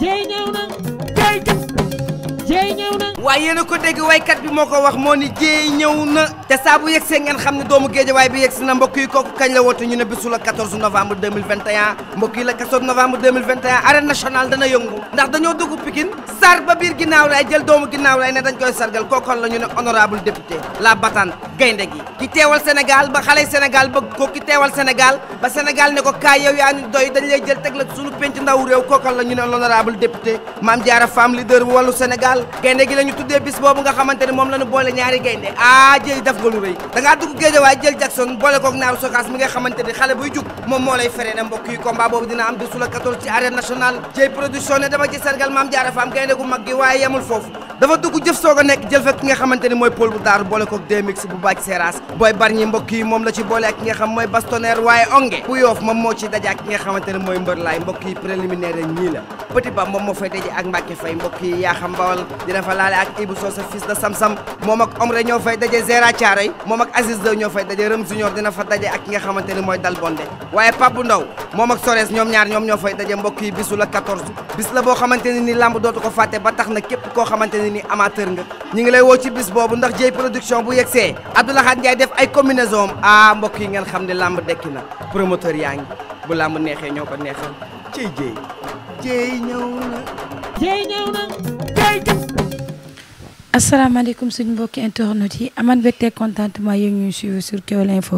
Jay ñëw na waaye yéen a ko dégg waykat bi moo ko wax moo ni jéey ñëw na te saa bu yegsee ngeen xam ne doomu géejawaay bi yegsi na mbokk kooku kañ la woote ñu ne bisu novembre 2021 la novembre 2021 arène dana yëngu ndax dañoo dugg Pikine sar ba biir ginnaaw lay jël doomu ginnaaw lay ne dañ koy sargal kookoon la ne honorable député la bataan gaynde gi ki teewal Sénégal ba xale Sénégal bëgg ba Sénégal ne ko kaay yow yaa ñu doy dañ lay jël teg la suñu penc ndaw tuddee bis boobu nga xamante ne moom la ñu boole ñaari gaynde ah jëli def nga lu dugg géej waaye jël Jackson boole koog naaru sokaas mi nga xamante ne xale buy jug moom moo lay feree ne mbokk yi dina am bisu la ci arène nationale jëy production ne dama ci sargal maam jaara gaynde gu mag gi waaye yemul foofu dafa dugg jëf soog a nekk jël fa ki xamante ni mooy Paul bu daaru boole koog demix bu bàcc seeraas booy bar Ibou Socé fils de Samsam moom ak Omre ñoo fay daje Zera Thiaray moom ak ñoo fay daje Rëm Junior dina fa daje ak ki nga xamante ni mooy Dal Bondé waaye Pape Ndaw moom ak ñoom ñaar ñoom ñoo fay daje mbokk yi bisu bis la boo xamante ne ni làmb dootu ko fàtte ba tax na képp ko xamante ni amateur nga ñi ngi lay woo ci bis boobu ndax jëy production bu yegsee Abdoulahat Ndiaye def ay combinaison ah mbokk yi xam ne làmb dekki na promoteur yaa ngi bu làmb neexee ñoo ko neexal ciy jëy jëy ñëw asalaamaaleykum suñu mbokki internet yi aman mbégte contentement yi ñuy suivre sur Kewel Info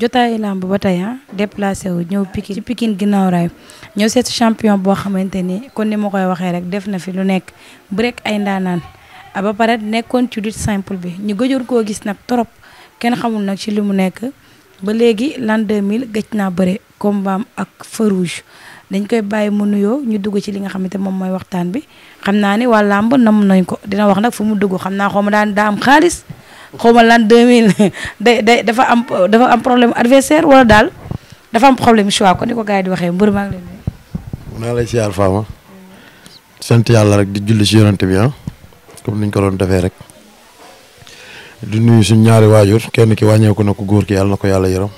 jotaayu làmb ba tey ah déplacé wu ñëw Pikine ci Pikine ginnaaw raay ñëw seet champion boo xamante ni kon ni ma koy waxee rek def na fi lu nekk break ay ndaanaan ah ba pare nekkoon ci lutte simple bi ñu gëjoon koo gis nag trop kenn xamul nag ci li mu nekk ba léegi l'an mille gëj naa bëre combat baam ak feu dañ koy bàyyi mu nuyoo ñu dugg ci li nga xamante moom mooy waxtaan bi xam naa ne waa làmb nam nañ ko dina wax nag fu mu dugg xam naa xaw ma daan daa am xaalis xaw ma lan 2000 day day dafa am dafa am problème adversaire wala daal dafa am problème choix ko ni ko gars yi di waxee mbër maa ngi leen di. naa lay siyaar Fama. sant yàlla rek di julli si yonante bi ah comme niñ ko doon defee rek. di nuyu suñ ñaari waajur kenn ki wàññeeku na ko góor ki yàlla na ko yàlla yaram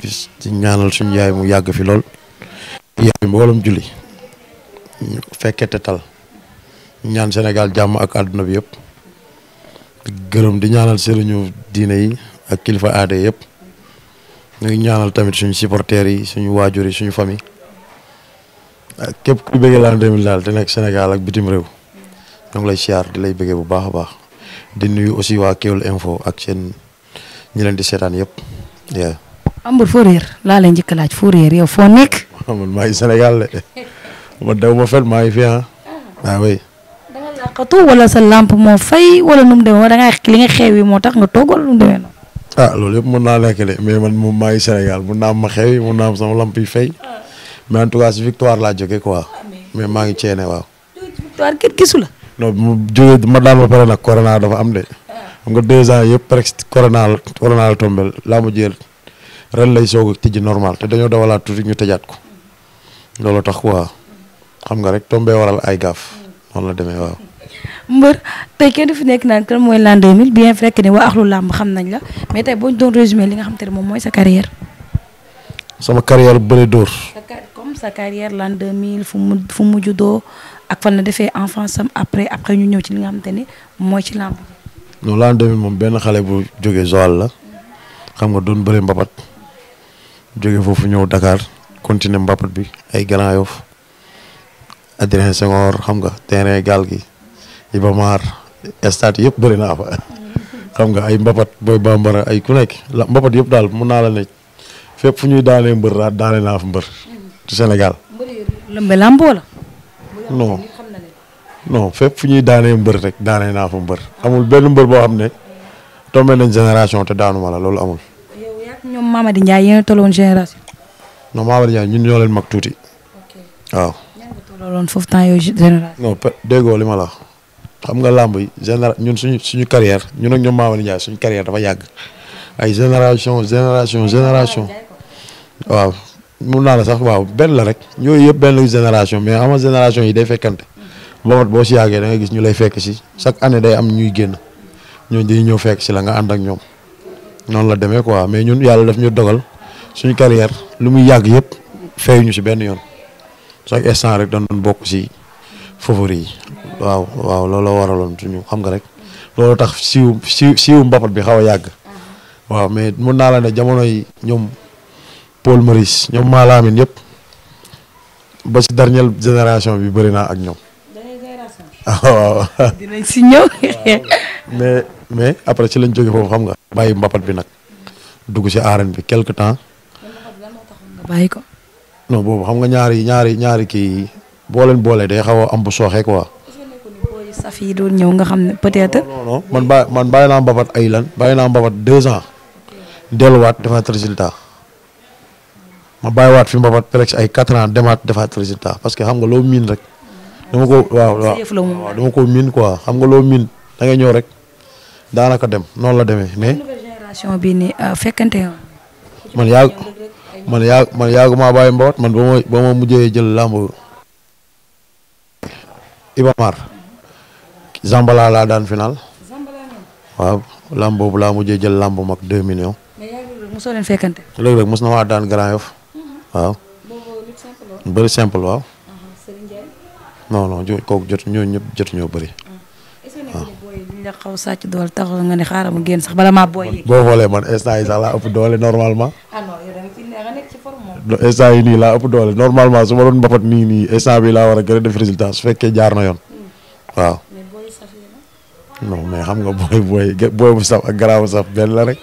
di ñaanal suñ yaay mu yàgg fi lool. yéen mbooloom julli ñu fekkee te ñaan Sénégal jàmm ak àdduna bi yëpp gërëm di ñaanal sëriñu diine yi ak kilifa aada yëpp ñu ñaanal tamit suñu supporters yi suñu waajur yi suñu famille ak képp ku bëggee L'An 2000 daal te nekk Sénégal ak bitim réew ñoo lay siyaar di lay bëggee bu baax a baax di nuyu aussi waa Kewel Info ak seen ñi leen di seetaan yëpp. Ambour foo réer laa lay njëkk laaj foo réer yow foo nekk. man maa ngi Sénégal de man daw ma fen maa ngi fi ah. waaw ah. ah, oui. da nga làqatu wala moo tax nga toog ah loolu yëpp mën naa nekk de mais man moom maa ngi Sénégal mun naa am ma xewi mun naa am sama lampe yi fay. Ah. mais en tout si victoire laa jógee quoi. mais maa ngi ceene waaw. victoire kenn gisu la. ma jógee ma daal ba pare nag corona dafa am de. xam nga deux ans yëpp presque corona la corona la tombé laa ma jël ren lay soog tijji normal te dañoo dawalaat tuuti ñu tëjaat ko. loolu tax quoi xam nga rek tombé waral ay gaaf noonu la demee waaw. mbër tey kenn du fi nekk naan kan mooy l'an 2000 bien vrai que ne waa axlu làmb xam nañ la mais tey boo ñu doon résumé li nga xam te ne moom mooy sa carrière. sama carrière bëre dóor. comme sa carrière l'an 2000 fu mu fu mu juddoo ak fan na defee enfance am après après ñu ñëw ci li nga xam te ne mooy ci làmb. non l'an 2000 moom benn xale bu jógee Joal la xam nga doon bëre mbapat jóge foofu ñëw Dakar. continuer mbappat bi ay Grand Yoff Adrien Senghor xam nga terrain gaal gi Iba Mar stade yëpp bëri naa fa xam nga ay mbapat booy bambara ay ku nekk la mbapat yëpp daal mun naa la ne fépp fu ñuy daanee mbër daal naa fa mbër ci Sénégal. lëmbe làmb wala. fépp fu ñuy daanee mbër daane naa fa mbër amul benn mbër boo xam ne tombé nañ génération te daanuma la loolu amul. non maa war ñun ñoo leen mag tuuti. waaw. ñan nga déggoo li ma la xam nga làmb yi général ñun suñu suñu carrière ñun ak ñoom Mama Balla Ndiaye suñu carrière dafa yàgg ay génération génération génération waaw mun naa la sax waaw benn la rek ñooyu yëpp benn génération mais ama génération yi day fekkante boomat boo si yàggee da nga gis ñu lay fekk si chaque année day am ñuy génn ñoo dañuy ñëw fekk si la nga ànd ak ñoom noonu la demee quoi mais ñun yàlla daf ñu dogal suñu carrière lu muy yàgg yëpp ñu si benn yoon chaque instant rek dañ doon bokk si favori yi waaw waaw looloo waraloon suñu xam nga rek loolu tax siiw siiw siiw mbapat bi xaw a yàgg uh-huh. waaw mais mun naa la ne jamono ñoom Paul Maurice ñoom Malamine yëpp ba génération bi bëri naa ak ñoom. waaw mais mais après ci lañ jóge foofu xam nga. bàyyi mbapat bi nag dugg si arène bi quelque temps. bàyyi ko. non boobu xam nga ñaari ñaari ñaari kii boo leen boole day xaw a am bu sooxe quoi. saf yi doon ñëw nga xam ne peut-être. non non man bàyyi man bàyyi naa mbabat ay lan bàyyi naa mbabat deux ans delluwaat defaat résultat ma bàyyiwaat fi mbabat presque ay quatre ans demaat defaat résultat parce que xam nga loo miin rek. dama ko waaw waaw waaw dama ko miin quoi xam nga loo miin da nga ñëw rek daanaka dem noonu la demee mais. génération euh, man yaa man yaa man yaagu man ba ma ba ma mujjee jël làmb Ibamar Zambala laa daan final waaw làmb boobu mujjee jël làmb mag deux millions. mais mosoo rek mos na maa daan Grand Yoff mm-hmm. waaw. bëri simple waaw. Uh-huh. non non jo jot ñooñu ñëpp jot ñoo bëri. Uh-huh. waaw la xaw doole taxul nga ne xaaral mu génn sax bala maa booy. boo xoolee man instant yi sax laa ëpp doole normalement. Ah, instant yi nii laa ëpp doole normalement su ma doon mbapat nii nii instant bi laa war a gën a def résultat su fekkee jaar na yoon waaw. non mais xam nga booy booy booy bu saf ak garaawu saf benn la rek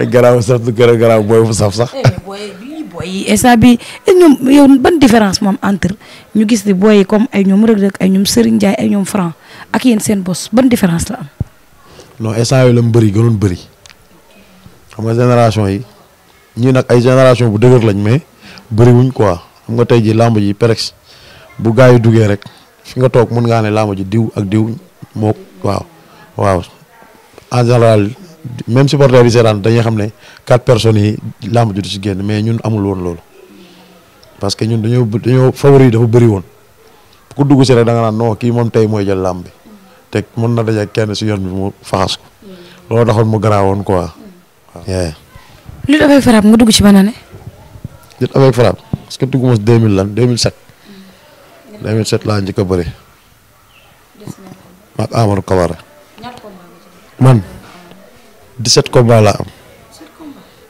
ak garaawu saf du gën a booy bu saf sax. Eh, booy bi eh, différence moom entre ñu gis ni booy yi comme ay ñoom Reug Reug ay ñoom Serigne Ndiaye ay ñoom Franc ak yéen seen bos ban différence la am. non instant yi la mu bëri gënoon bëri xam nga génération yi ñii nag ay génération bu dëgër lañ mais. bëriwuñ quoi xam nga tey ji làmb ji perex bu gars yi duggee rek fi nga toog mën ngaa ne làmb ji diw ak diw moo waaw waaw en général même supporters yi seetaan dañuy xam ne quatre personnes yi làmb ji du si génn mais ñun amul woon loolu parce que ñun dañoo dañoo favori dafa bëri woon ku dugg si rek da nga naan non kii moom tey mooy jël làmb bi te mën na daje kenn si yoon bi mu faxas ko mm. loolu taxoon mu garaawoon quoi. Mm. lu dafay faram nga dugg si ban année. lutte avec frappe parce que dugguma 2000 lan 2007. 2007 laa njëkk a bëri. maag Amadou Kabara. man 17 combats laa am.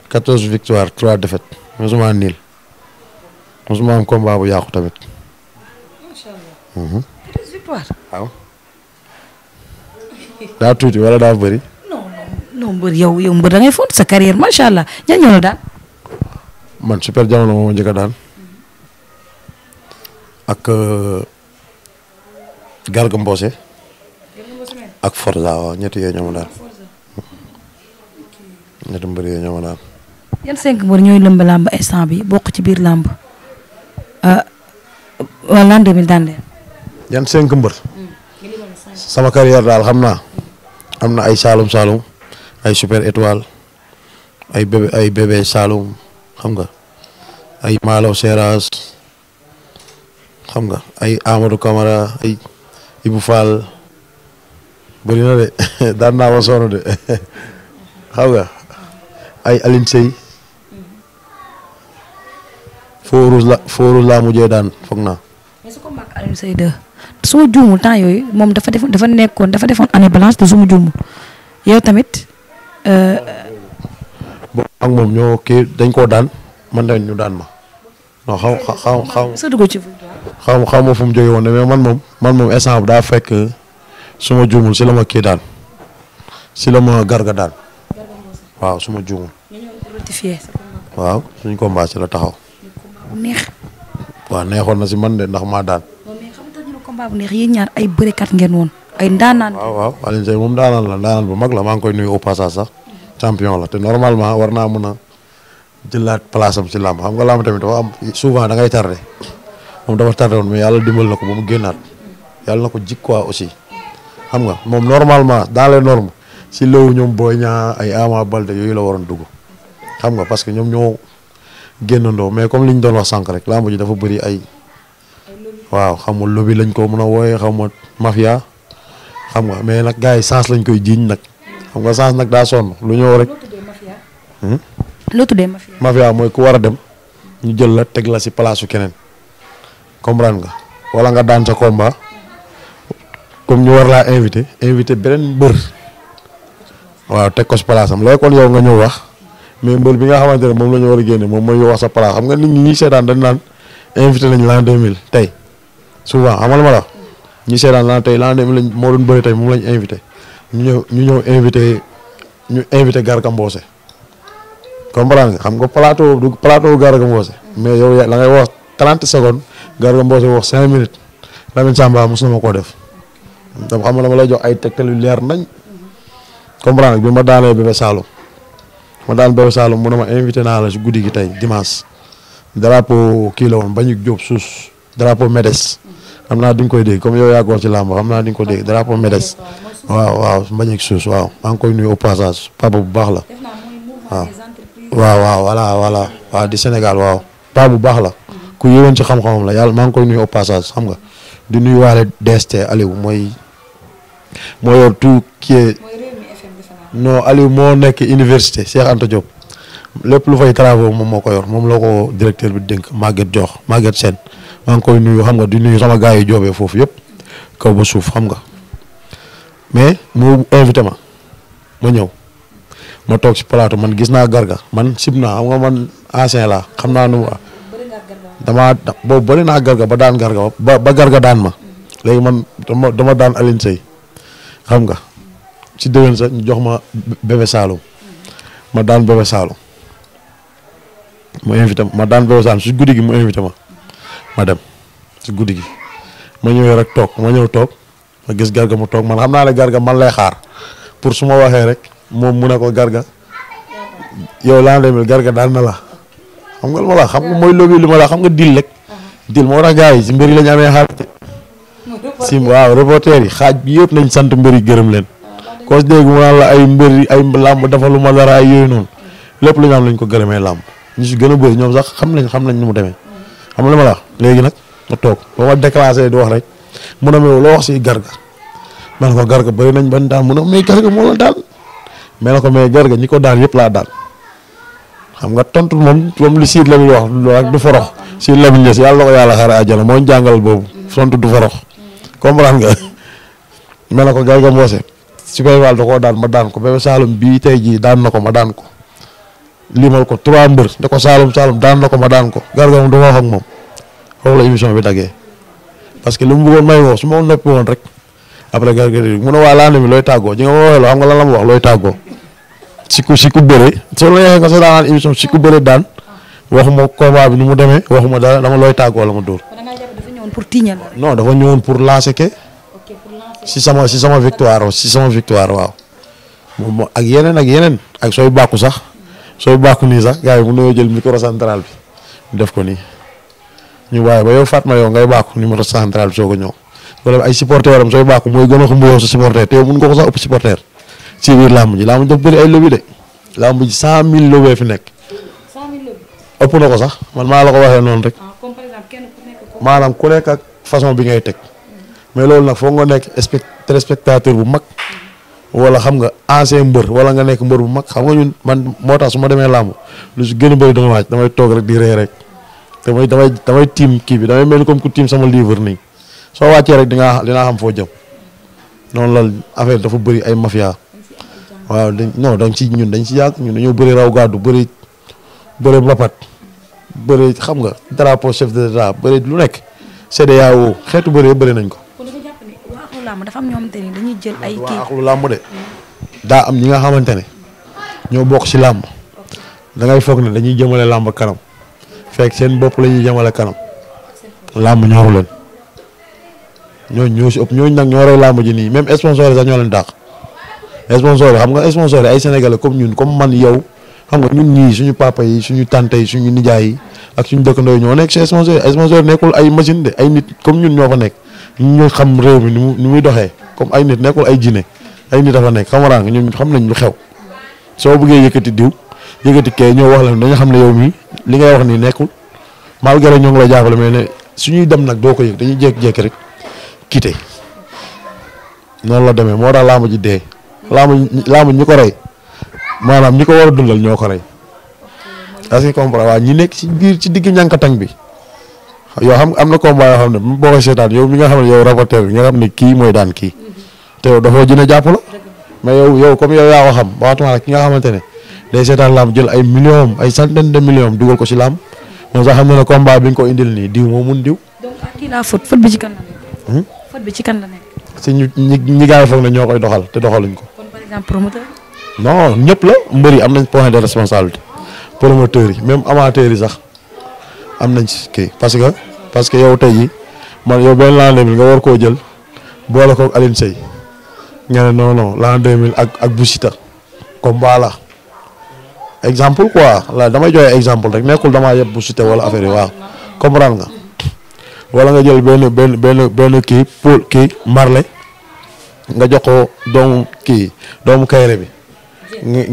14 victoires 3 défaites mosuma niil mosuma am combat bu yàqu tamit. macha allah. 14 victoires. waaw. daa tuuti wala daa bëri. non non non mbër yow yow mbër da ngay fóot sa carrière macha allah ñan ñoo la daal. man super jamono moo ma njëkk a daan ak euh, Garga Mbossé ak Forza waaw ñetti yooyu ñoo ma daan ñetti mbër yooyu ñoo ma daan. yan cinq mbër bokk ci biir làmb wala euh, euh, cinq mbër. Hmm. sama carrière daal xam naa. am na ay Saalum Saalum ay super étoile ay bébé Saalum xam nga ay Malaw Seras xam nga ay Amadou Camara ay Ibou Fall bëri de daan naa ma sonn de xam nga ay Aline Sey Fooruus la Fooruus laa mujjee daan foog naa. soo juumul temps yooyu moom dafa def dafa nekkoon dafa defoon année blanche te su mu juumul tamit. Euh, bon ak moom ñoo kii dañ koo daan. man dañ ñu daan ma. non xaw xaw xaw ma fu mu jógee woon mais man moom man moom instant bi daa fekk su ma juumul si la ma kii daan si la ma garga daan waaw suma ma juumul. waaw suñ combat si la taxaw. neex. waaw neexoon na si man de ndax maa daan. combat bu ñaar ay bërekat ngeen woon ay ndaanaan. waaw waaw Alioune Seye moom ndaanaan la ndaanaan bu mag la maa ngi koy nuyu au passage sax champion la te normalement war naa mën a jëlaat place am si làmb xam nga làmb tamit dafa am souvent da ngay tardé moom dafa tardé woon mais yàlla dimbal na ko ba mu génnaat yàlla na ko jik quoi aussi xam nga moom normalement dans les normes si loolu ñoom booy ñaa ay Ama Baldé yooyu la waroon dugg xam nga parce que ñoom ñoo génnandoo mais comme li ñu doon wax sànq rek làmb ji dafa bëri ay waaw xam nga lobby lañ ko mën a wooyee xam nga mafia xam nga mais nag gars yi sens lañ koy jiiñ nag xam nga sens nag daa sonn lu ñëw rek. Hmm? loo tuddee mafia. mafia mooy ku war a dem ñu jël la teg la si palaasu keneen comprendre nga wala nga daan sa combat comme ñu war laa invité invité beneen mbër waaw teg ko si palaasam léegi kon yow nga ñëw wax mais mbër bi nga xamante ne moom la ñu war a génne moom mooy wax sa palaas xam nga nit ñi ñuy seetaan dañ naan invité nañ l'an 2000 tey souvent xamal ma la ñi seetaan laan tey l'an 2000 lañ moo doon bëri tey moom lañ invité ñu ñëw ñu ñëw invité ñu invité Garga Mbossé comprendre nga xam nga plateau du plateau Garga Mbossé mais yow yaa la ngay wax trente secondes Garga Mbossé wax cinq minutes Lamine Samba mos koo def dama xam nga dama lay jox ay tegtal yu leer nañ comprendre bi ma daanee Bébé Saloum ma mu ma invité naa la guddi gi tey dimanche drapeau kii la woon bañu jóob suus drapeau MEDES xam naa di koy dégg comme yow yaa ko ci làmb xam naa ko dégg drapeau MEDES waaw waaw bañu suus waaw maa ngi koy nuyu au passage papa bu baax la waaw. waaw waaw voilà voilà waaw di Sénégal waaw paa bu baax la ku yëwoon ci xam-xamam la yàlla maa ngi koy nuyu au xam nga di nuyu waale DST Aliou mooy moo yor tout qui est non moo nekk université Cheikh Anta Diop lépp lu fay travaux moom moo ko yor moom loo ko directeur bi dénk Maguette Dior Maguette seen maa ngi koy nuyu xam nga di nuy sama gars joobee foofu yëpp kaw ba suuf xam nga mais mu invité ma ma ñëw ma toog ci plateau man gis naa garga man sib naa xam nga man ancien laa xam naa nu damaa boobu bëri naa garga ba daan garga ba ba garga daan ma léegi man dama dama daan Alioune Seye xam nga si déwén sa ñu jox ma bébé Saloum ma daan bébé Saloum mu invité ma daan bébé Saloum si guddi gi mu invité ma ma dem si guddi gi ma ñëwee rek toog ma ñëw toog ma gis garga mu toog man xam naa ne garga man lay xaar pour su ma waxee rek. moom mu ne ko garga yow laa demel garga daal na la xam nga lu ma la xam nga mooy loobi li ma la xam nga dil rek dil moo tax gars yi si mbir yi la ñu amee xaar si waaw yi xaaj bi yëpp nañ sant mbir yi gërëm leen koo dégg mu naan la ay mbir yi ay làmb dafa ma dara ay yooyu noonu lépp lu am lañ ko gërëmee làmb ñu si gën a bëri ñoom sax xam nañ xam nañ ni mu demee xam nga li ma la léegi nag ma toog ba ma déclassé di wax rek mun ne ma ko garga bëri nañ ban daan mu garga moo la daal mais na ko mais garga ñi ko daan yëpp laa daan xam nga tontu moom moom lu siit la muy wax rek du forox siit la muy yàlla yàlla xare àjjana moo ñu jàngal boobu tontu du forox comprendre nga mais ko garga mboose su koy waal da koo daan ma daan ko bii tey jii daan na ko ma daan ko limal ko trois mbër da ko Saloum Saloum daan na ko ma daan ko garga moom du bi daggee parce que li mu bëggoon may woo su ma noppi woon rek après garga ne waa laa ne mi looy tàggoo ji nga ma waxee loo xam nga lan la mu wax looy tàggoo si ku si ku bëre soo émission si ku bëre daan waxuma combat bi ni mu demee waxuma dara dama looy tàggoo la ma dóor. non dafa ñëwoon pour lancer ke. si sama si sama victoire si sama victoire waaw. ak yeneen ak yeneen ak sooy bàkku sax sooy bàkku nii sax gars yi mun nañoo jël micro central bi def ko nii ñu waaye ba yow Fatma yow ngay bàkku numéro central bi soo ko ñëw wala ay supporter am sooy bàkku mooy gën a xumb yow sa supporter te yow mun nga ko sax ëpp supporter. ci biir làmb ji làmb ji dafa bëri ay lobby de ji cent mille lobby fi nekk. ëpp na ko sax man maa la ko waxee noonu rek. Ah, maanaam ku nekk ak façon bi ngay teg. mais loolu nag foo nga nekk téléspectateur bu mag. walla xam nga ancien mbër wala nga nekk mbër bu mag xam nga ñun man moo tax su ma demee làmb lu si gën a bëri dama waaj damay toog rek di ree rek damay damay damay tiim kii bi damay mel ni comme ku tiim sama livre nii soo wàccee rek dinaa dinaa xam foo jëm noonu la affaire dafa bëri ay mafia. waaw dañ non dañ ci ñun dañ ci yàgg ñun dañoo bëri raw gàddu bëri bëri mbapat bëri xam nga drapeau chef de l'État bëri lu nekk CEDEAO xeetu bëri bëri nañ ko. kon dafa jàpp daa am ñi nga xamante ne ñoo bokk ci làmb dangay ngay foog ne dañuy jëmale làmb kanam fekk seen bopp la ñuy jëmale kanam làmb ñoru leen ñooñu ñoo si ëpp ñooñu nag ñoo rey làmb ji nii même sponsor sax ñoo leen dàq. sponsor yi xam nga sponsor yi ay sénégale comme ñun comme man yow xam nga ñun ñii suñu papa yi suñu tante yi suñu nijaay yi ak suñu dëkkandoo yi ñoo nekk si sponsor yi sponsor nekkul ay machine de ay nit comme ñun ñoo fa nekk ñu xam réew mi ni mu ni muy doxee comme ay nit nekkul ay jinne ay nit dafa nekk xamaraang ñu xam nañ ñu xew soo bëggee yëkkati diw yëkkati kee ñoo wax la dañu xam ne yow mii li ngay wax nii nekkul malgré ñoo ngi la jàppale mais ne suñuy dem nag doo ko yëg dañuy jékki-jékki rek quitté noonu la demee moo tax laa ma ji dee laamu laamu ñi ko rey maanaam ñi ko war a dundal ñoo ko rey. asi comprendre waaw ñi nekk ci biir ci digg ñànkatang bi yoo xam am na combat yoo xam ne boo ko seetaan yow mi nga xam ne yow rapporteur bi nga xam ne kii mooy daan kii te dafoo jën a jàpp mais yow yow comme yow yaa xam waxatuma ki nga xamante ne day seetaan laam jël ay millions ay centaine de millions dugal ko ci laam moom sax xam ne ne combat bi nga ko indil nii diw moo mun diw. bi ci kan hmm? ci kan la si ñu ñi ñi gars yi foog ne ñoo koy doxal te doxaluñ ko. exemple promoteur. non ñëpp la mbër yi am nañ point de responsabilité promoteurs yi même amateurs yi sax am nañ ci kii parce que parce que yow tey jii man yow benn l'an 2000 nga war koo jël boole koog Alioune Seye nga ne non non l'an 2000 ak ak Boussita comme la exemple quoi la damay joxe exemple rek nekkul damaa yeb Boussita wala affaire yi waaw comprendre nga wala nga jël benn benn benn benn kii poul kii nga jox ko doomu kii doomu kayre bi.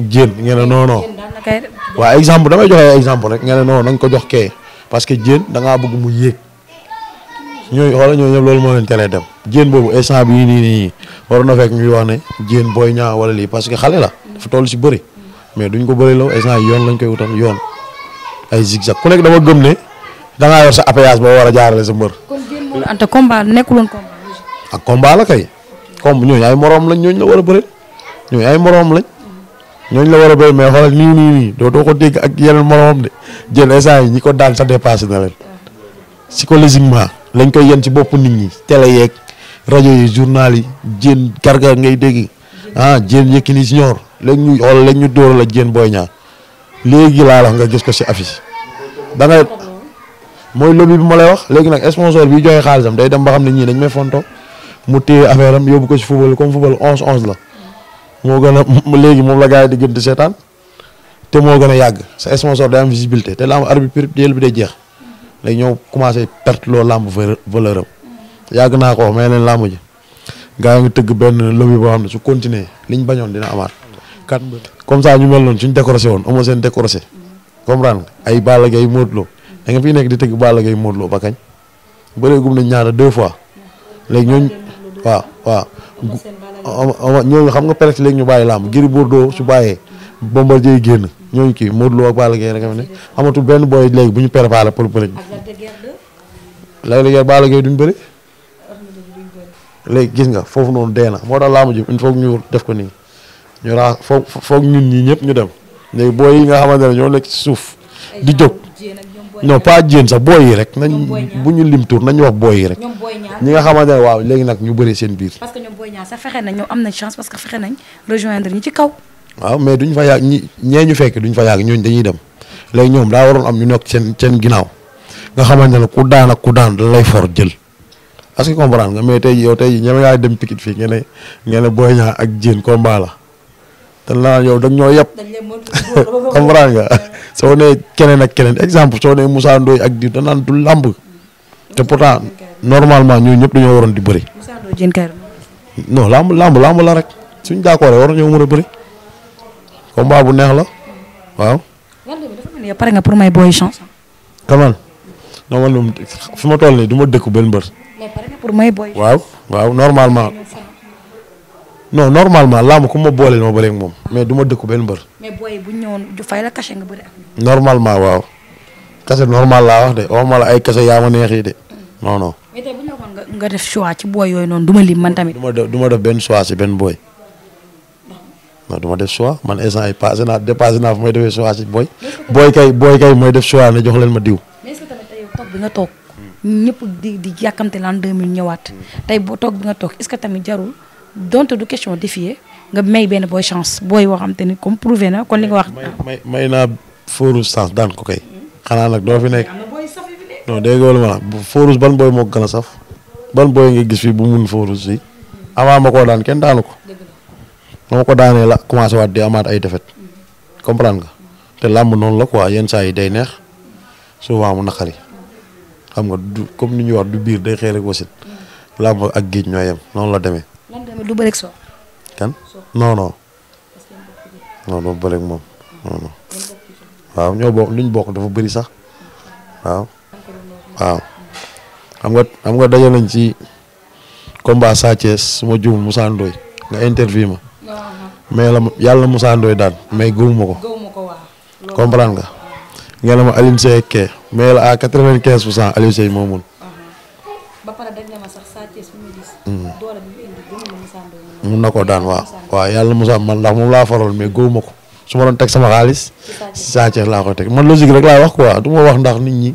jéen ngeen ne non non. waaw exemple damay joxe exemple rek ngeen ne non na ko jox kee parce que jéen da ngaa bëgg mu yéeg ñooy xoolal ñooñu ñëpp loolu moo leen tele dem. jéen boobu instant bi nii nii waroon na fekk ñuy wax ne jéen booy ñaa wala lii parce que xale la dafa toll si bëri mais duñ ko bëri la instant yoon lañ koy wutal yoon ay zigzag ku nekk dama gëm ne da yor sa appéage boo war a jaarale sa mbër. kon jéen moo la ante combat nekkul woon ak combat ah, kay. comme ñooñu ay moroom lañ ñooñu la war a bëri ñooñu ay moroom lañ ñooñu la war a bëri mais xoolal nii nii doo doo ko dégg ak yeneen moroomam de jël instant yi ñi ko daan sa dépassé na leen psychologiquement lañ koy yen ci bopp nit ñi télé yeeg rajo yi journal yi jën gargar ngay dégg ah jën Yékini Junior lañ ñu xool lañ ñu dóor la jën booy Niang léegi laa la nga gis ko si affiche da ngay mooy lobby bi ma lay wax léegi nag sponsor bi joxe xaalisam day dem ba xam ne ñii dañ may fonto mu téye affaire am yóbbu ko ci football comme football onze onze la moo gën a léegi moom la gars yi di gën di seetaan te moo gën a yàgg sa sponsor day am visibilité te lamb arbitre bi day jeex léegi ñoo commencé perte loo lamb valeur am yàgg naa ko wax mais leen lamb ji gars yi ngi tëgg benn lobby boo xam ne su continuer liñ bañoon dina amaat. kat comme ça ñu mel noonu suñ décoré woon amoo seen décoré comprendre nga ay Balla Gaye Modou Lo da nga nekk di tëgg Balla Gaye Modou Lo ba kañ bëree gum nañ fois waaw waaw. ñooñu xam nga peut-être léegi ñu bàyyi làmb Gris boordoo su bàyyee. Bombardier génn ñooñu kii Modou Lo ak Balla Gaye rek ne benn booy léegi bu ñu préparé pour bëri. Lac de Guiers Balla Gaye duñ bëri. léegi gis nga foofu noonu dee na moo tax làmb ji il foog ñu def ko nii ñu ra foog foog ñun ñii ñëpp ñu dem léegi booy yi nga xamante ne ñoo nekk ci suuf di jóg. no pas jéen sax booy yi rek nañ bu ñu lim tur nañu wax booy yi rek ñi nga xamante ne waaw léegi nag ñu bëri seen biir. parce fexe nañ ñoom am nañ chance parce que fexe nañ rejoindre ci kaw. waaw mais duñ fa yàgg ñee ñu fekk duñ fa yàgg ñooñ dañuy dem léegi ñoom daa waroon am ñu nekk seen seen ginnaaw nga xamante ne ku daan ak ku daan da lay for jël est-ce que nga mais tey yow tey ñeme ngaa dem pikit fii ngeen ne ngeen ne booy ñaa ak jéen combat la dañ laa yow dañ ñoo yëpp comprendre nga soo nee keneen ak keneen exemple soo nee musaandooy ak di danaan du làmb te pourtant normalement ñooñu ñëpp dañoo waroon di bëri. Moussa Ndoye làmb làmb làmb la rek suñ d'accord war nañoo mën a bëri combat bu neex la waaw. wàllu bi dafa mel ni pare nga pour may booy chance. kaman non fi ma toll nii du ma dëkku benn bër. waaw waaw normalement. non normalement làmb ku ma booleel ma bëreeg moom mais du ma dëkku benn mbër. mais booy bu ñëwoon ju fay waaw cachet normal laa wax de waxuma ay cachet yaa ma neexee de non non. mais ci booy yooyu noonu du ma lim man tamit. du ma def du ma def benn choix benn booy. non du ma def choix man instant yi passé naa may defee choix booy. booy kay booy kay mooy def choix ne jox leen ma diw. bi nga toog. ñëpp di di yàkkamte l'an 2000 ñëwaat. Hmm. tey boo toog bi nga toog est-ce que tamit jarul. donte du question défier nga may benn booy chance booy boo te ni comme prouvé na kon li nga wax. may may naa Fóorus chance daan ko kay. xanaa nag doo fi nekk non dégg nga ma bu Fóorus ban booy moo gën a saf ban booy nga gis fii bu mun Fóorus fii avant ma ko. ba ko daanee la commencé waat de amaat ay defet comprendre nga te làmb noonu la ko waa yenn saa yi day neex souvent mu naqari xam nga du comme ni ñuy wax du biir day xëy rek wasit làmb ak géej ñooy yem noonu la demee. du bëreeg soo. kan non non. non du bëreeg moom non non. waaw ñoo bokk luñ bokk dafa bëri sax waaw. waaw xam nga xam nga daje nañ ci combat Sa Thiès su ma juum Moussa Ndoye nga interview ma. mais la yàlla Moussa Ndoye daan mais gëwuma ko. gëwuma ko waaw. comprendre nga. nga ne ma Alioune Seye mais la à quatre-vingt-quinze pour cent Alioune sax Sa Thiès mi mun na koo daan waa waaw yàlla Moussa man ndax moom laa faral mais góob ma ko su ma doon teg sama xaalis Sa Thiès laa ko teg man logique rek laay wax quoi du ma wax ndax nit ñi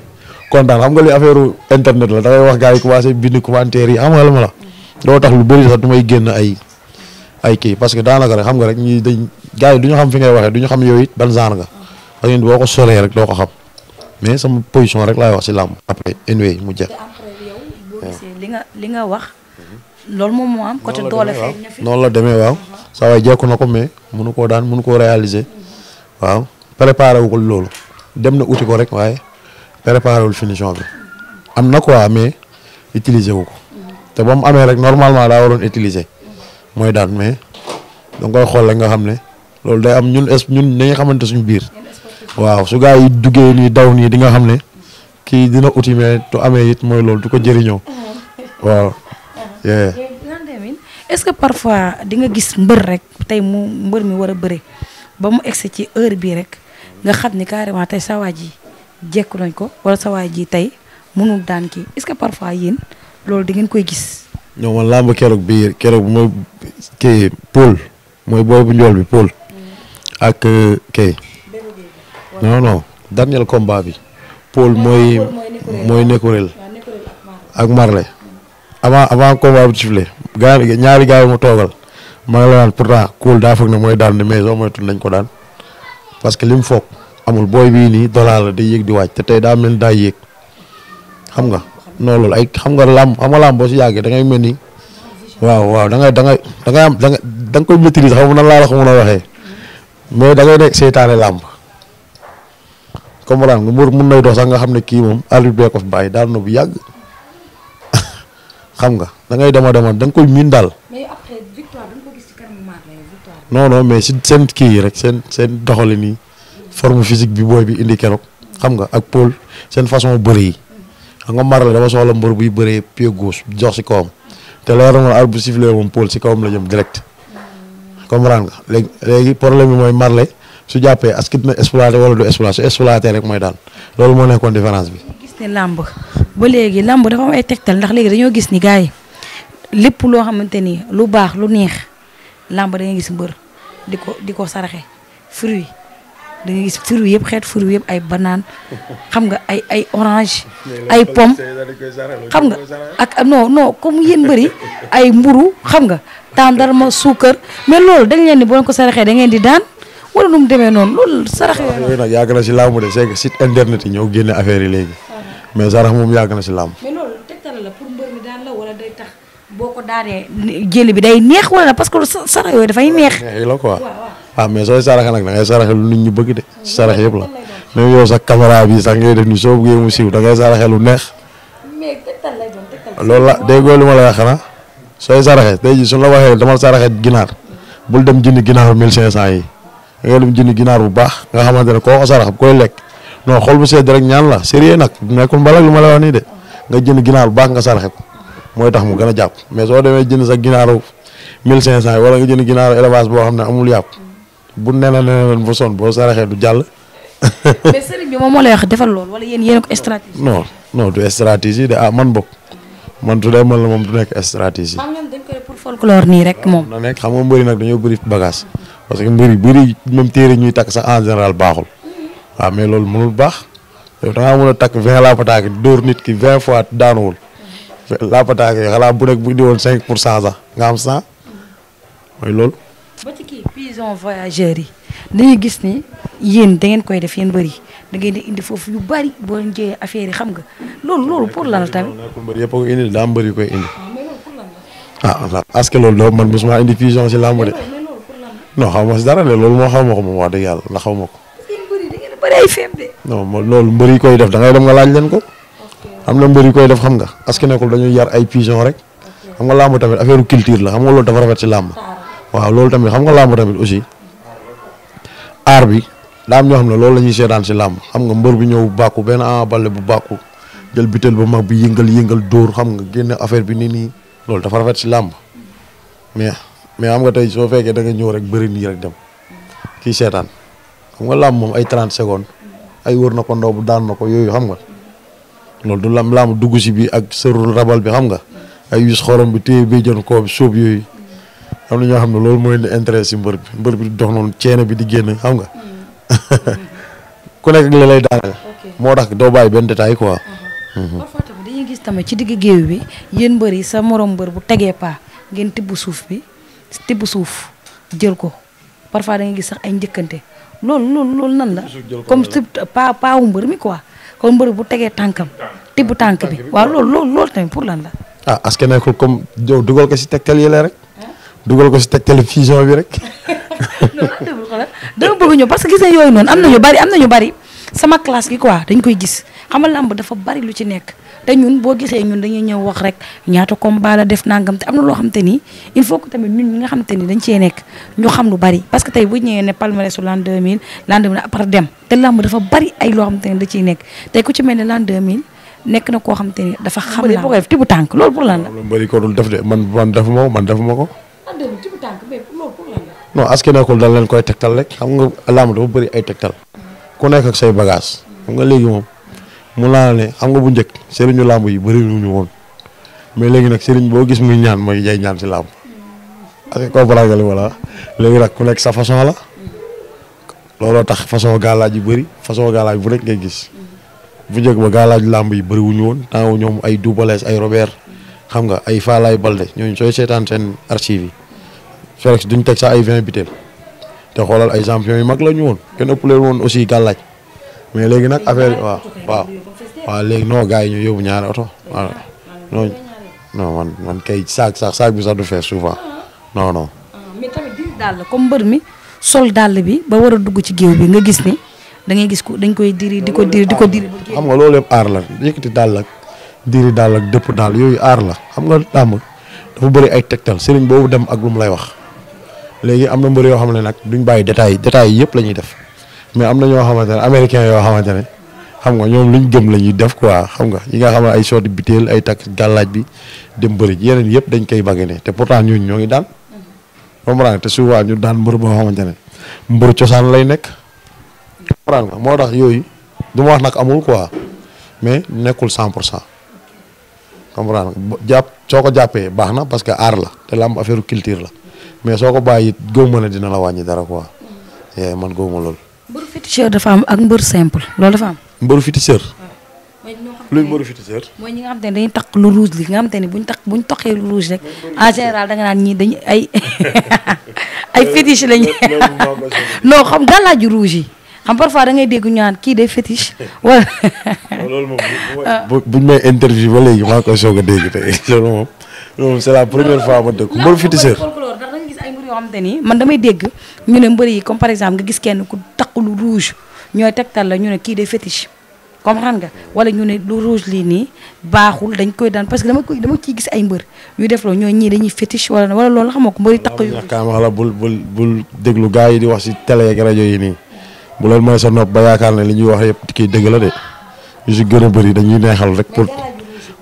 kontaan xam nga li affaire internet la da wax gars yi commencé bind commentaire yi xam nga la ma la tax lu bëri sax du may génn ay ay kii parce que daanaka rek xam nga rek ñi dañ gaa yi duñu xam fi ngay waxee duñu xam yow it ban genre nga parce que boo ko soree rek doo ko xam mais sama position rek laay wax si làmb après anyway mu jeex loolu moom moo am noonu la demee waaw saa waay jekku na ko mais mënu koo daan mënu koo réaliser waaw préparé wu loolu dem na uti ko rek waaye préparé wul finition bi am na ko quoi mais utiliser wu ko te ba mu amee rek normalement daa waroon utiliser mooy daan mais danga koy xool rek nga xam ne loolu day am ñun es ñun dañuy xamante suñu biir waaw su gaa yi duggee nii daw nii di nga xam ne kii dina uti mais tu amee it mooy loolu du ko jëriñoo waaw. lendemain est-ce que parfois di nga gis mbër rek tey mu mbër mi war a bëre ba mu egsi ci heure bii rek nga xam ni carrément tey sa waay ji jekku nañ ko wala sa waay tey mënul daan kii est-ce que parfois yéen loolu di ngeen koy gis. ñoom man làmb keroog bi keroog bu ma mooy boobu njool bi Paul. Mm. ak euh, kay non non dernier combat bi Paul mooy nekkureel ak Marley avant avant combat bu sifflé gaa ñaari gaa yi mu toogal ma nga la naan pourtant Koul daa foog ne mooy daan mais soo moytuwul nañ ko daan parce que li mu foog amul booy bii nii dollar la day yéeg di wàcc te tey daa mel ni daa yéeg xam nga non loolu ay xam nga làmb xam nga làmb boo si yàggee da ngay mel ni waaw waaw da ngay da ngay da ngay am da nga da nga koy maîtriser xam nan laa la ko mën a waxee mais da ngay nekk seytaane làmb comme nga mur mun nay dox sax nga xam ne kii moom arbitre bee ko fi bàyyi daal na bu yàgg. xam nga da ngay dema dema danga nga koy miin daal. mais après mais si seen kii yi rek seen seen doxalin yi forme physique bi booy bi indi keroog xam nga ak Paul seen façon bëre yi xam nga Marley dama soxla mbër buy bëree pied gauche jox si kawam te leer na ma arbitre bu sifflé moom Paul si kawam la jëm direct. comprendre nga léegi léegi problème bi mooy Marley su jàppee est-ce que dina exploité wala du exploité su exploité rek mooy daal loolu moo nekkoon différence bi. ne làmb ba léegi làmb dafa am ay tegtal ndax léegi dañoo gis ni gars yi lépp loo xamante ni lu baax lu neex làmb da nga gis mbër di ko di ko saraxe fruit da gis fruit yëpp xeet fruit yëpp ay banaan xam nga ay ay orange ay pomme xam nga ak non noo comme yéen mbëri ay mburu xam nga tàndarma suukar mais loolu dañ leen ni boo ko saraxee da ngeen di daan wala nu mu demee noonu lool sarax yooyu nag yàgg na si laamu de c'est que internet yi ñëw génne affaire yi léegi mais Zarax moom yàgg na si làmb. mais bi day neex wala parce que sarax yooyu dafay neex. neex la quoi waaw ah, mais sooy sarax nag da ngay lu nit ñu bëgg de si mm. sarax yëpp la même yow sax caméra bi sax ngay def ni soo bëggee mu siiw da ngay saraxe lu neex. mais la déggoo li ma la wax xanaa sooy saraxe tey jii suñu la waxee dama saraxe ginaar bul dem jëndi ginaaru 1500 yi da ngay dem jëndi ginaar bu baax nga xamante ne koo ko sarax koy lekk non xol bu sedd rek ñaan la sérieux nag nekkul mbalak lu ma la wax nii de nga jën ginaar bu baax nga saraxe ko mooy tax mu gën a jàpp mais soo demee jënd sa ginaaru 1500 yi wala nga jënd ginaaru élevage boo xam ne amul yàpp bu nee na nee son boo saraxee du jàll. mais sëriñ bi moom moo lay du stratégie de ah man bokk man su dee man la moom du nekk stratégie. maam ñoom dañ pour folklore nii rek moom. na nekk xam nga mbëri nag dañoo bëri bagage parce que mbëri bëri même téere ñuy takk sax en baaxul. waaw ah, mais loolu mënul baax yow da ngaa mën a takk vingt laapataake dóor nit ki vingt fois daanuwul laapataake xalaa bu nekk bu indi woon cinq pour cent sax nga am cent mooy loolu. yi dañuy gis ni yéen da ngeen koy def yéen bëri da di indi foofu yu bëri boo leen nga pour lan tamit. mbër a ko indi daa mbër yu koy indi. ah, ah parce que loolu man mosuma indi pigeon si làmb de non xaw ma moo xaw ma ko moom wax dëgg yàlla ndax xaw ma ko. bëri ay loolu mbër yi koy def dangay dem nga laaj leen ko. am na mbër yi koy def xam nga askan nekkul dañuy yar ay pigeon rek. xam nga làmb tamit affaire culture la xam nga loolu dafa rafet ci làmb. waaw loolu tamit xam nga làmb tamit aussi aar bi daa am ñoo xam ne loolu la ñuy seetaan si làmb xam nga mbër bi ñëw bu bàkku benn Ama Baldé bu bàkku jël bitel ba mag bi yëngal yëngal dóor xam nga génne affaire bi nii nii loolu dafa rafet ci làmb mais mais xam nga tey soo fekkee da nga ñëw rek bëri nii rek dem kii seetaan. xam nga làmb moom ay 30 secondes ay wër na ko ndaw bu daan na ko yooyu xam nga loolu du lam làmb dugg si bi ak sërul rabal bi xam nga ay yus xorom bi téye bay jën koo bi sóob ñoo xam ne loolu mooy ne mbër bi mbër bi di dox noonu ceene bi di génn xam nga ku nekk ak la lay moo tax doo bàyyi benn détail quoi. Uh-huh. parfois tamit dañuy gis tamit ci digg géew bi yéen mbër yi sa moroom mbër bu tegee paa ngeen tibb suuf bi tibb suuf jël ko parfois da gis sax ay njëkkante. loolu loolu loolu nan la comme si pa paawu mbër mi quoi comme mbër bu tegee tànkam bu tànk bi waa loolu loolu loolu tamit pour lan la ah est-ce ko nekkul comme yow dugal ko si tegtal yële rek dugal ko si teg tegtal fusion bi rek dama bëgg ñu parce que gis na yooyu noon am na ñu bari am na ñu bari sama classe gi quoi dañ koy gis xam nga làmb dafa bari lu ci nekk te ñun boo gisee ñun dañuy ñëw wax rek ñaata combat la def nangam te am na loo xam te ni il faut que tamit ñun ñi nga xam te ni dañ cee nekk ñu xam lu bari parce que tey bu ñëwee ne palmarèsu l'an 2000 l'an 2000 après dem te làmb dafa bari ay loo xam te da ciy nekk tey ku ci mel ne l'an 2000 nekk na koo xam te ni dafa xam laa ko def tibu tànk loolu loolu mbëri ko dul def de man man defu ma ko man defu ko. man de tibu la. non askan nekkul dañ leen koy tegtal rek xam nga làmb dafa bëri ay tegtal. ku nekk ak say bagage nga léegi moom mu naa ne xam nga bu njëkk sëriñu làmb yi bëri ñu woon mais léegi nag sëriñ boo gis muy ñaan mooy jay ñaan si làmb parce que comprendre nga li léegi nag ku nekk sa façon la looloo tax façon gaalaaj yi bëri façon gaalaaj bu nekk ngay gis bu njëkk ba gaalaaj làmb yi bëri wuñu woon temps ñoom ay Doubalès ay Robert xam nga ay Faalaay Balde ñooñu sooy seetaan seen archive yi Félix duñ teg sax ay vingt biteel te xoolal ay champion yu mag la ñu woon kenn ëpp woon aussi gaalaaj mais léegi nag affaire yi waaw waaw waaw léegi non gars yi ñu yóbbu ñaari oto waaw non non man kay saak sax saak bi sa du fees souvent ah. non non. Ah, comme mbër mi sol dàll bi ba war a dugg ci géew bi nga gis ni da gis ko dañ koy diri di ko diri di ko diri. xam nga loolu yëpp aar la yëkkati dàll ak diri dàll ak dëpp dàll yooyu aar la xam nga làmb dafa bëri ay tegtal sëriñ boobu dem ak lu mu lay wax léegi am na mbër yoo xam ne nag duñ bàyyi détails yi détails yi yëpp la ñuy def. mais am na ñoo xamante ne américain yoo xamante ne xam nga ñoom luñ gëm la ñuy def quoi xam nga ñi nga xam ne ay sotti biteel ay takk gàllaaj bi dem bëri yeneen yëpp dañ koy bagane te pourtant ñun ñoo ngi daan. comprendre te souvent daan mbër boo xamante ne mbër cosaan lay nekk. comprendre nga moo tax yooyu du wax nag amul quoi mais nekkul 100 pour cent. comprendre nga jàpp soo ko jàppee baax na parce que aar la te la am affaire culture la mais soo ko bàyyi góob ma ne dina la wàññi dara quoi. man góob ma loolu. mbëru féticheur dafa am ak mbëru simple loolu dafa am. mbëru féticheur. luy mooy ñi xam te ne dañuy takk lu rouge li nga xam te ne buñ takk buñ toxee lu rouge rek en général da nga naan ay ay fétiche lañu non xam gàllaaju rouge yi. xam fa da ngay dégg ñu naan kii day fétiche wala. loolu moom ah. bu buñ may interview ba léegi maa ngi koy soog a dégg tey loolu xamante ni man damay dégg ñu ne mbër yi comme par exemple nga gis kenn ku takku lu rouge ñooy tegtal la ñu ne kii de fétiche comme xam nga wala ñu ne lu rouge lii nii baaxul dañ koy daan parce que dama koy dama ciy gis ay mbër yu def loolu ñooy ñii dañuy fétiche wala wala loolu xam nga ko mbëri takku yu wax la bul bul bul déglu gars yi di wax si télé ak rajo yi nii bu loolu mooy sa nopp ba yaakaar ne li ñuy wax yëpp kii dëgg la de yu si gën a bëri dañuy neexal rek pour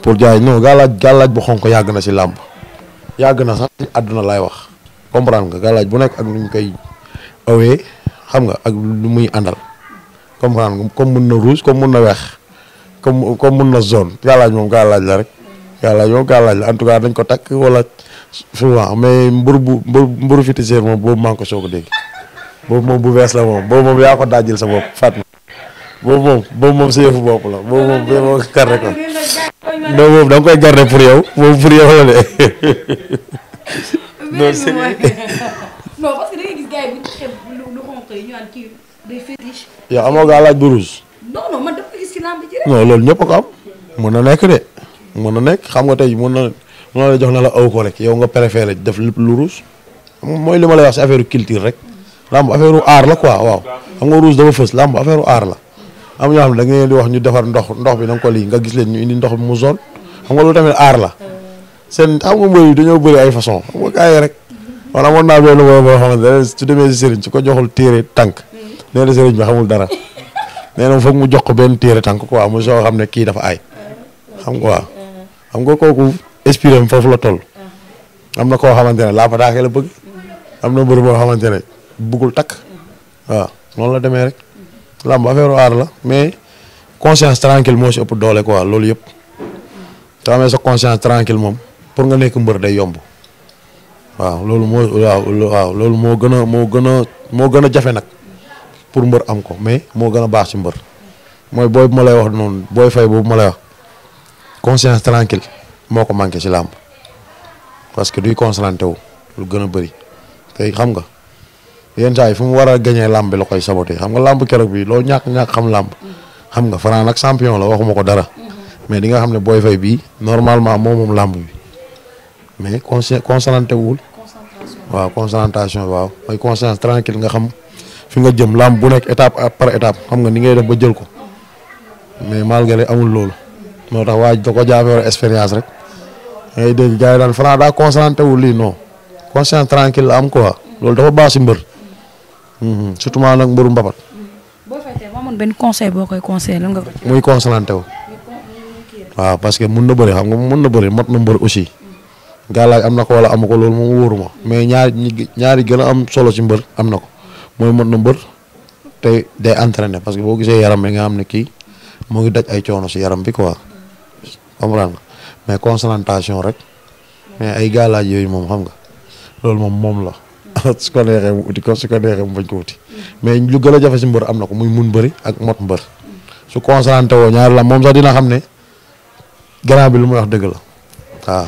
pour jaay non gàllaaj gàllaaj bu xonk yàgg na si làmb yàgg na sax àdduna laay wax comprendre nga gàllaaj bu nekk ak nu ñu koy awee xam nga ak lu muy àndal comprendre nga comme mun na rouge comme mun na weex comme comme mun na zone gàllaaj moom gàllaaj la rek gàllaaj moom gàllaaj la en tout cas dañ ko takk wala souvent mais mburu bu mburu mburu féticheur moom boobu maa ngi ko soog a dégg boobu moom bu wees la moom boobu moom yaa ko dajjil sa bopp Fatma boobu moom boobu moom sa yëfu bopp la boobu moom bee moo garde ko non boobu koy garde pour yow boobu pour yow la de non c'est non parce yow amoo laaj bu rouge. non loolu ñëpp ko am mën na nekk de mën na nekk xam nga tey mun na mën na jox na la aw ko rek yow nga préféré def lépp lu rouge mooy li ma lay wax affaire culture rek lamb affaire aar la quoi waaw xam nga rouge dafa fës lamb affaire aar la. am ñoo xam ne da ngeen di wax ñu defar ndox ndox bi na nga nga gis leen ñu indi ndox bi mu zone xam nga loolu tamit aar la. seen xam nga mbër yi dañoo bëri ay façon xam nga gars yi rek wala amoon naa benn mbër boo su demee si sëriñ su ko joxul téere tànk nee sëriñ bi xamul dara nee na foog mu jox ko benn téere ko quoi mu soo xam ne kii dafa ay xam nga waaw xam nga kooku esprit foofu la toll na koo xamante ne laapataake la bëgg am na mbër boo xamante ne bëggul takk waaw noonu la demee rek làmb affaire aar la mais conscience tranquille moo si ëpp doole loolu yëpp sa conscience tranquille moom pour nga nekk mbër day yomb waaw loolu moo waaw loolu moo gën a moo gën a moo gën a jafe nag pour mbër am ko mais moo gën a baax si mbër mooy booy bu ma lay wax noonu booy fay boobu ma lay wax conscience tranquille moo ko manqué si làmb parce que duy concentré wu lu gën a bëri tey xam nga yenn saa yi fu mu war a gañee làmb bi la koy saboté xam nga làmb keroog bi loo ñàkk ñàkk xam làmb xam nga Franc nag champion la waxuma ko dara mm-hmm. mais di nga xam ne booy fay bii normalement moo làmb bi mais consé concentré wul. waaw concentration waaw mooy conscience tranquille nga xam fi nga jëm làmb bu nekk étape par étape xam nga ni ngay def ba jël ko mais malgré amul loolu moo tax waa da ko jaafee expérience rek ngay dégg gars yi daan Franc daa concentré lii non conscience tranquille la am quoi loolu dafa baax si mbër mhm, surtout maa nag mbëru mbapat. boo conseil boo koy conseillé lan nga muy concentré wu. waaw parce que mun na bëri xam nga mun na bëri mat na mbër aussi. gàllaay am na ko wala amu ko loolu moom wóoruma mais ñaar ñi ñaari gën a am solo si mbër am na ko mooy mën na mbër te day entraîné parce que boo gisee yaram bi nga xam ne kii mu ngi daj ay coono si yaram bi quoi comprendre nga mais concentration rek mais ay gàllaaj yooyu moom xam nga loolu moom moom la su ko neexee mu uti ko ko neexee mu bañ ko mais lu gën a jafe am na ko muy mun bëri ak mot mbër su concentré woo ñaari la moom sax dina xam ne grand bi lu muy wax dëgg la waaw